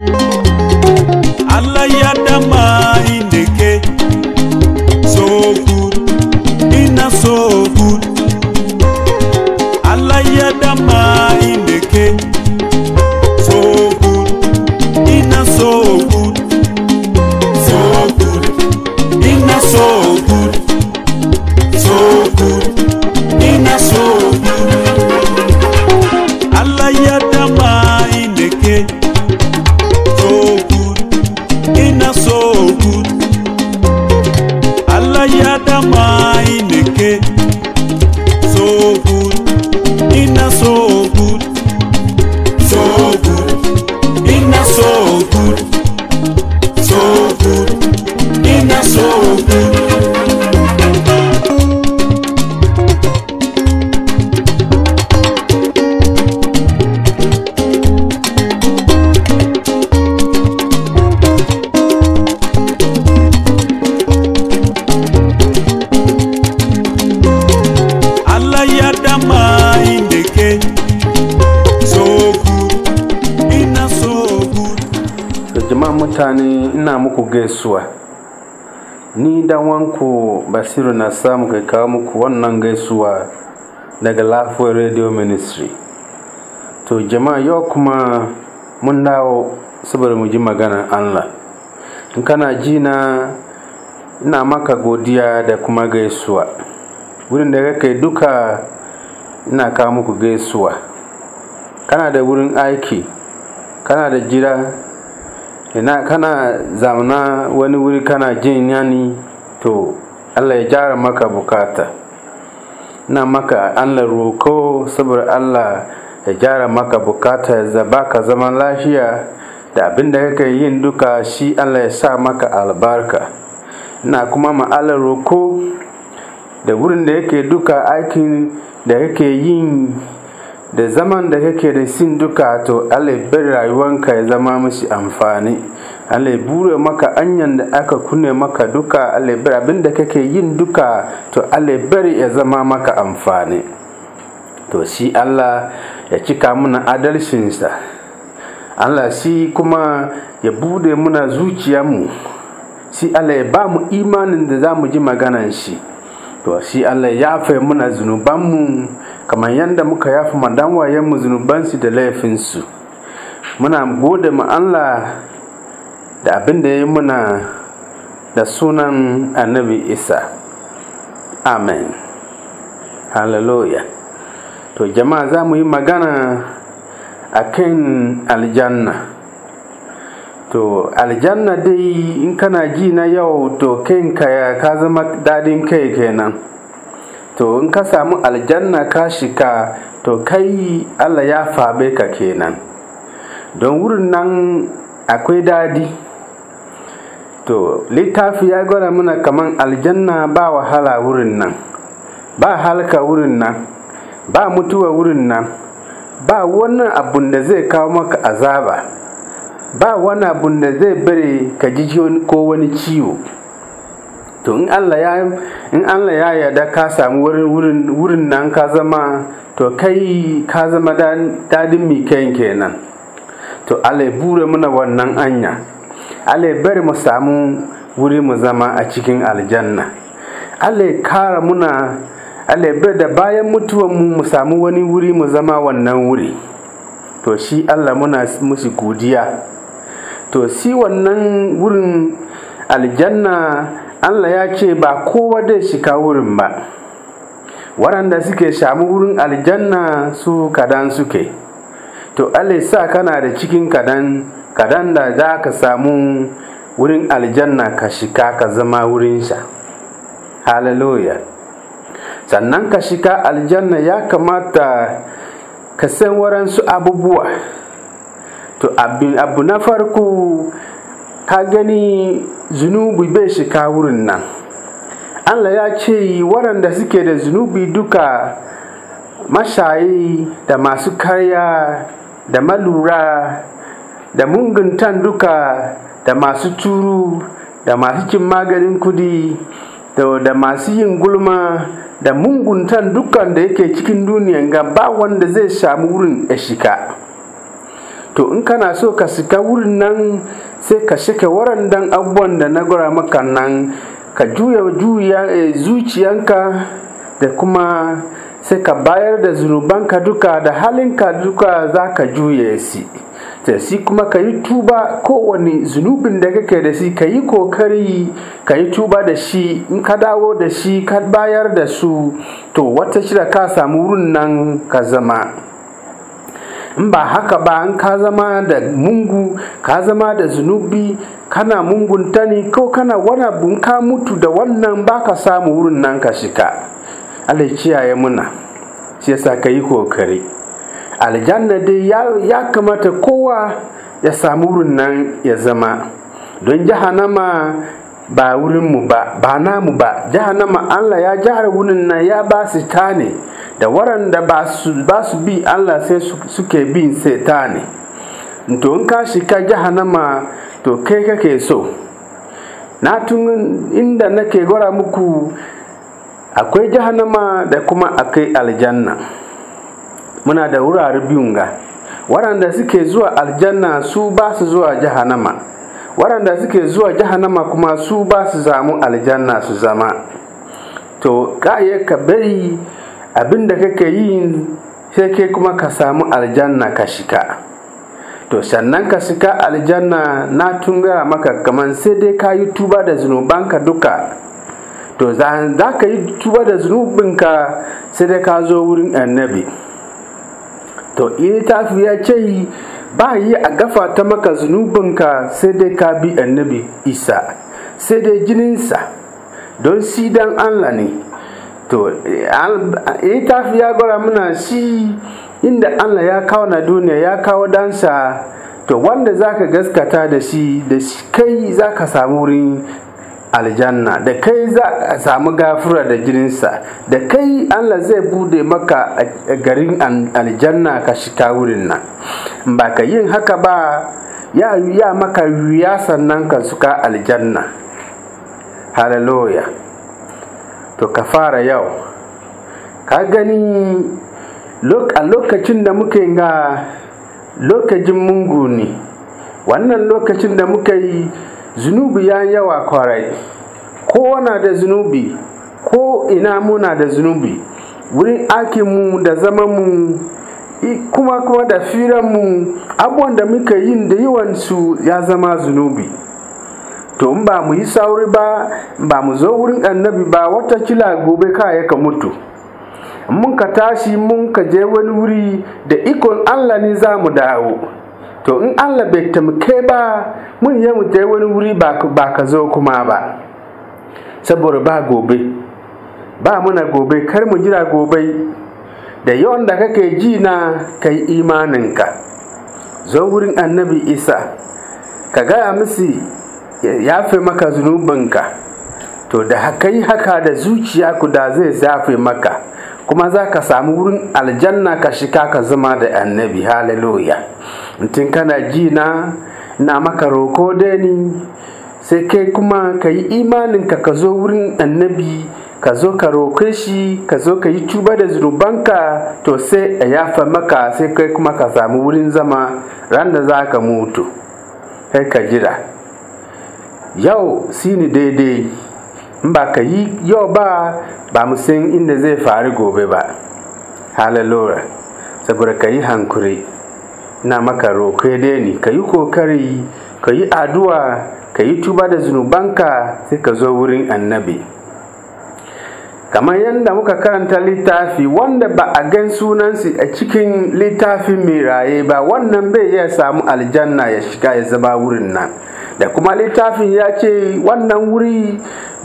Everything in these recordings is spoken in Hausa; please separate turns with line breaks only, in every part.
you
muku ni dan wanku basiru na samu kai kawo muku wannan gaisuwa daga lafiyar radio ministry to jama'a yau kuma mun dawo saboda mu ji maganar allah in kana ji na ina maka godiya da kuma gaisuwa wurin da kake duka ina kawo muku gaisuwa kana da wurin aiki kana da jira ina kana zamana wani wuri kana jin yani to allah ya jara maka bukata na maka allah roko saboda allah ya jara maka bukata ya baka zaman lafiya da abin da kake yin duka shi allah ya sa maka albarka na kuma ma allah roko da wurin da yake duka aikin da yake yin da zaman da kake da sin duka to Allah bar rayuwanka ya zama mashi amfani Allah bure maka anyan da aka kunne maka duka Allah bar kake yin duka to Allah bari ya zama maka amfani to shi Allah ya cika muna adalcinsa Allah shi kuma ya bude muna zuciyarmu shi Allah ya ba mu imanin da za mu ji maganan shi to shi Allah ya fai muna zunubanmu kamar yadda muka yafi madan zunubansu da laifinsu muna gode mu Allah da abin da ya yi muna da sunan annabi isa amen hallelujah to jama'a za mu yi magana a kan aljanna to aljanna dai in kana ji na yau to kanka ka zama daɗin kai kenan to in ka samu aljanna ka shika to kai allah ya fabe ka kenan don wurin nan akwai dadi to littafi ya gwada muna kaman aljanna ba wahala wurin nan ba halka wurin nan ba mutuwa wurin nan ba wani abun da zai kawo maka azaba ba wani abun da zai bari ka ji ko wani ciwo to in Allah ya in ya yarda ka samu wurin nan ka zama to kai ka zama dadin mi kayan kenan to Allah bure muna wannan anya Allah bari mu samu wuri mu zama a cikin aljanna Allah kara muna Allah bai da bayan mutuwan mu mu samu wani wuri mu zama wannan wuri to shi Allah muna musu godiya to si wannan wurin aljanna Allah ya ce ba kowa dai shiga wurin ba waɗanda suke shamu wurin aljanna su kadan suke to Allah sa kana da cikin kadan kadan da za ka samu wurin aljanna ka shika ka zama wurin sha hallelujah sannan ka shika aljanna ya kamata ka san waransu abubuwa to abu na farko ka gani zunubi bai shiga wurin nan allah ya ce waɗanda suke da zunubi duka mashayi da masu karya da malura da munguntan duka da masu turu da masu cin maganin kudi da masu yin gulma da munguntan dukkan da yake cikin duniyan ga ba wanda zai samu wurin ya shika to in kana so ka shiga wurin nan sai ka shike warandan abubuwan da na gura maka nan ka juya eh, zuciyanka da kuma sai ka bayar da zunubanka duka da halinka duka za ka juye si ta si kuma ka yi tuba kowane zunubin da kake da shi ka yi kokari ka yi tuba da shi in ka dawo da shi ka bayar da su to wata shida ka samu wurin nan ka zama in ba haka ba in ka zama da mungu ka zama da zunubi kana mungunta ne ko kana wani abu ka mutu da wannan baka samu wurin nan ka shika Allah kiyaye muna shi yasa ka yi kokari aljanna dai ya kamata kowa ya samu wurin nan ya zama don jahannama ba wurinmu ba ba namu ba Allah ya jihar wurin nan ya ba su ta ne da waranda ba su bi Allah sai suke bin setani to in ka shiga jahannama to kai kake so na tun inda nake gwara muku akwai jahannama da kuma akwai aljanna muna da wurare biyu ga waɗanda suke zuwa aljanna su ba su zuwa jahannama waɗanda suke zuwa jahannama kuma su ba su zamu aljanna su zama to ka ka bari abin da kake yi sai ke kuma ka samu aljanna ka shika to sannan ka shika aljanna na gara maka kamar sai dai ka yi tuba da zunubanka duka to za ka yi tuba da zunubinka sai dai ka zo wurin annabi to littafi ya ce yi ba yi a gafa ta maka zunubinka sai dai ka bi annabi isa sai dai jininsa don sidan allah ne to e tafiya gora muna shi inda allah ya kawo na duniya ya kawo dansa to wanda zaka gaskata da shi da shi kai zaka samu wurin aljanna da kai za a samu gafura da jininsa da kai allah zai bude maka garin aljanna ka shika wurin nan ba ka yin haka ba ya ya maka wuya sannan ka suka aljanna hallelujah to ka fara yau ka gani a lokacin da muka yi ga lokacin mungu ne wannan lokacin da muka yi zunubi ya yawa kwarai na da zunubi ko ina muna da zunubi wurin aikinmu da zamanmu kuma kuma da firanmu abubuwan da muka yi da yawansu ya zama zunubi to ba mu yi sauri ba ba mu zo wurin annabi ba wata kila gobe ka ya ka mutu mun ka tashi mun ka je wani wuri da ikon allah ne za mu dawo to in allah bai tamke ba mun yi mu je wani wuri ba ka zo kuma ba saboda ba gobe ba muna gobe kar mu jira gobe da yawan da kake ji na kai imaninka zo wurin annabi isa ka gaya musu yafe maka zunubinka to da haka yi haka da zuciya guda zai zafe maka kuma za ka samu wurin aljanna ka shika ka zama da annabi hallelujah mutum kana ji na na maka roko dani sai kai kuma ka yi imaninka ka zo wurin annabi ka zo ka roke shi ka zo ka yi tuba da zunubanka to sai a yafa maka sai kai kuma ka samu wurin zama ran za ka mutu kai ka jira yau sini daidai in ba ka yi yau ba ba mu san inda zai faru gobe ba hallelujah saboda ka yi hankuri na maka roƙe dai ni ka yi kokari ka yi addu'a ka yi tuba da zunubanka sai ka zo wurin annabi kamar yadda muka karanta littafi wanda ba a gan sunansu a cikin littafin mai raye ba wannan bai iya samu aljanna ya shiga ya zama wurin nan da kuma littafin ya ce wannan wuri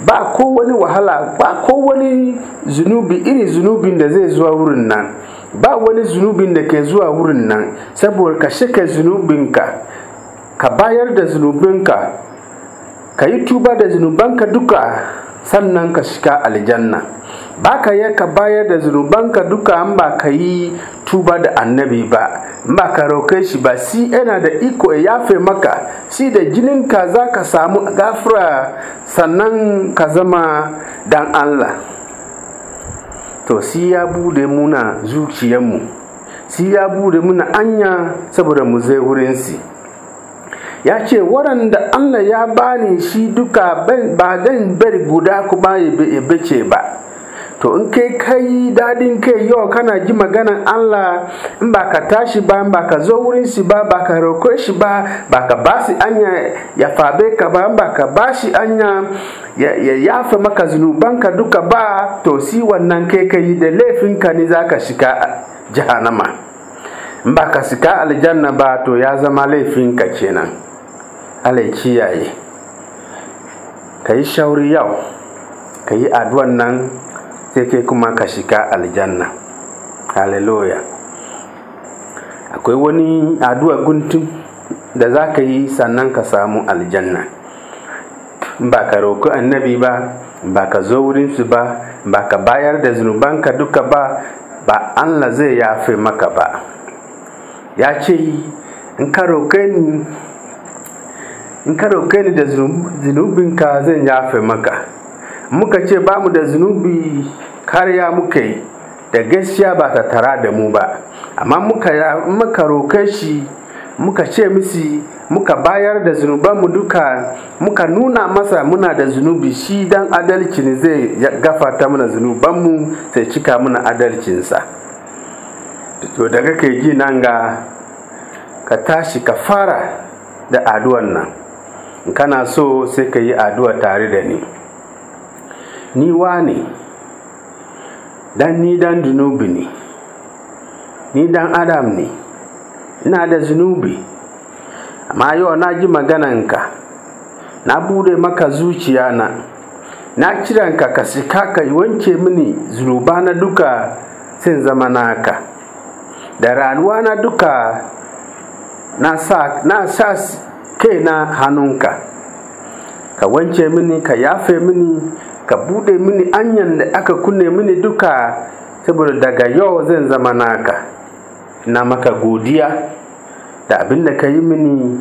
ba ko wani wahala ba ko wani zunubi iri zunubin da zai zuwa wurin nan ba wani zunubin da ke zuwa wurin nan saboda ka shika zunubinka ka bayar da zunubinka ka yi tuba da zunubanka duka sannan ka shiga aljanna ba ka yi ka bayar da zunubanka duka an ba ka yi tuba da annabi ba ba ka roƙe shi ba si yana da iko ya yafe maka si da jininka za ka samu gafura sannan ka zama dan Allah to si ya bude muna zuciyarmu si ya bude muna anya saboda mu zai wurinsi ya ce waɗanda Allah ya bani shi duka ba dan bari guda kuma ya bace ba to in kai kai dadin kai yau kana ji maganan Allah in ba ka tashi ba ba ka zo wurin shi ba ba ka roko shi ba ba ka ba shi anya ya fabe ka ba ba ka ba shi anya ya yafe maka ka duka ba to si wannan kai kai da laifin ka ne zaka shiga jahannama in ba ka shiga aljanna ba to ya zama laifinka kenan Allah kiyaye ka yi shauri yau ka yi addu'an nan sai kai kuma ka shiga aljanna hallelujah akwai wani addu'a guntun da za ka yi sannan ka samu aljanna ba ka roƙi annabi ba ba ka zo wurinsu ba ba ka bayar da zunubanka duka ba ba Allah zai yafe maka ba ya ce in ka in ka roƙe ni da zunubinka zan yafe maka muka ce ba mu da zunubi karya muka yi da gaskiya ba ta tara da mu ba amma muka roƙe shi muka ce misi muka bayar da zunubanmu duka muka nuna masa muna da zunubi shi dan adalcin zai gafata mana zunuban mu sai cika mana adalcinsa to daga ka ji nan ga ka tashi ka fara da aduwan nan kana so sai ka yi aduwa tare da ni ni wani dan ni dan zunubi ne ni dan adam ne ina da zunubi amma yau na ji magananka na bude maka zuciya na na kiranka ka sika ka wanke mini zunuba na duka sin zama naka da ranuwa na duka na sa, na sa kai na hannunka ka wance mini ka yafe mini ka buɗe mini anyan da aka kunne mini duka saboda daga yau zan zama naka na maka godiya da abin ka yi mini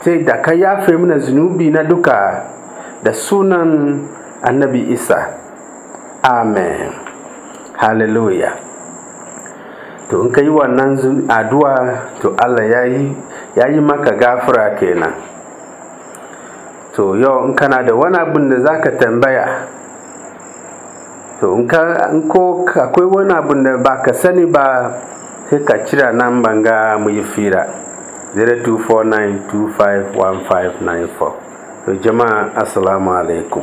sai da ka yafe mini zunubi na duka da sunan annabi isa amen hallelujah to in ka yi wannan addu'a to allah ya yi maka gafara kenan to yau in kana da wani abin da za ka tambaya so in ko akwai wani abu da ba ka sani ba sai ka cira nan banga mu yi fira 0249251594 jama'a assalamu alaikum